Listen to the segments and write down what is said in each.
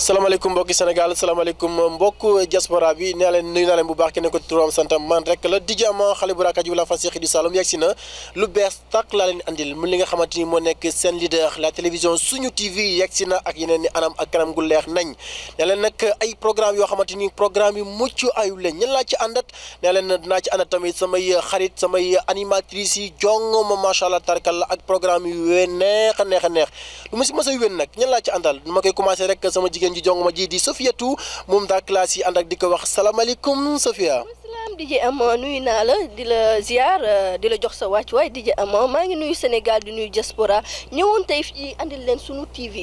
salaamaaleykum mbokki Sénégal salaamaaleykum mbokk diaspora bi nee leen nuyu naa leen bu baax kenn ko turam santam man rek la Dj xale bu raakaju la fas yéexi di Saloum yegg si lu bees tàq laa leen andil li nga xamante ni moo nekk seen leader la télévision suñu TV yegg si na ak yeneen ni anam ak kanam gu leex nañ nee leen nag ay programme yoo xamante ni programme yu mucc ayu ñen laa ci àndat nee leen dinaa ci àndat tamit samay xarit samay animatrice yi jong ma macha allah tarkal la ak programme yu wee neex a neex a neex lu ma si mos a wén nag ñen laa ci àndal ma koy commencé rek sama jigéen jigéen ji jongoma ji di Sofiatou moom daal classe yi ànd ak di ko wax salaamaaleykum Sofia DJ Ama nuyu naa la di la ziar euh, di la jox sa wàccuwaay DJ Ama maa ngi nuyu Sénégal di nuyu jaspora ñëwoon tey fii andil leen sunu TV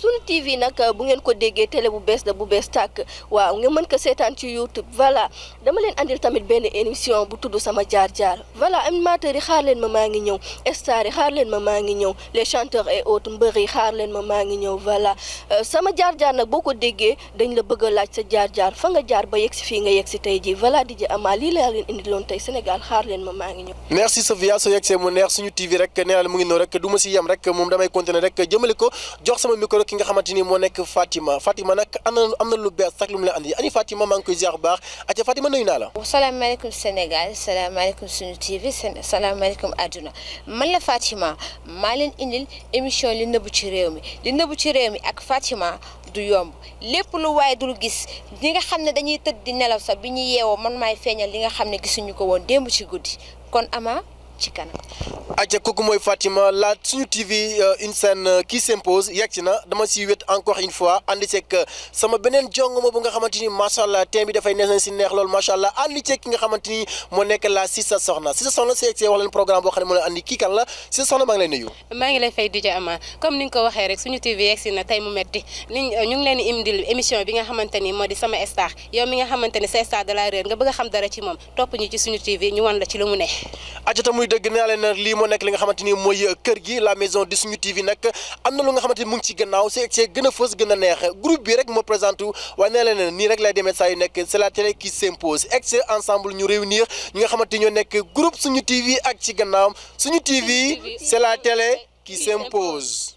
sunu TV nag euh, bu ngeen ko déggee télé bu bees da bu bees tàkk waaw nga mën ko seetaan ci YouTube voilà dama leen andil tamit benn émission bu tudd sama jaar jaar voilà animateurs yi xaar leen ma maa ngi ñëw stars yi xaar leen ma maa ngi ñëw les chanteurs et yi xaar leen ma maa ngi ñëw voilà euh, sama jaar jaar boo ko déggee dañ la bëgg a laaj sa jaar jaar fa jaar ba yegg fii nga yegg si tey lii laa leen indiloon tey Sénégal xaar leen ma maa ngi ñëw. merci Sofia soo yegsee mu neex suñu TV rek nee la mu ngi noonu rek du ma si yem rek moom damay continuer rek jëmale ko jox sama micro ki nga xamante ni moo nekk Fatima Fatima nag am na lu bees sax lu mu la andi ani Fatima maa ngi koy ziar baax aca Fatima nuyu naa la. salaamaaleykum Sénégal salaamaaleykum suñu TV salaamaaleykum àdduna man la Fatima maa leen indil émission li nëbbu ci réew mi li nëbbu ci réew mi ak Fatima du yomb lépp lu waaye dul gis ñi nga xam ne dañuy tëdd di nelaw sax bi ñu yeewoo man maay feeñal li nga xam ne gisuñu ko woon démb ci guddi kon ama ci kanam. aja kooku mooy Fatima la suñu euh, euh, na dama si wét encore une fois andi ceeg euh, sama nga ni macha allah thème bi dafay la si sa soxna si sa soxna si yegg see wax leen programme boo xam ne moo leen andi kii kan maa ngi lay nuyu. maa ngi comme ni nga ko waxee rek suñu TV yegg na tey mu metti liñ ñu ngi leen indil émission bi nga xamante moo di sama star yow mi nga xamante sa star de la nga bëgg a xam dara ci moom topp ñu ci suñu TV ñu wan la ci lu mu ne muy dëgg naa leen lii moo nekk li nga xamante ni mooy kër gi la maison de suñu TV nag am na lu nga xamante ni mu ngi ci gannaaw c'est c'est gën a fës gën a neex groupe bi rek moo présenté waaye nee leen nii rek lay demee saa yu nekk c'est la télé qui s'impose ex ensemble ñu réunir ñi nga xamante ñoo nekk groupe suñu TV ak ci gannaawam suñu TV c'est la télé qui s'impose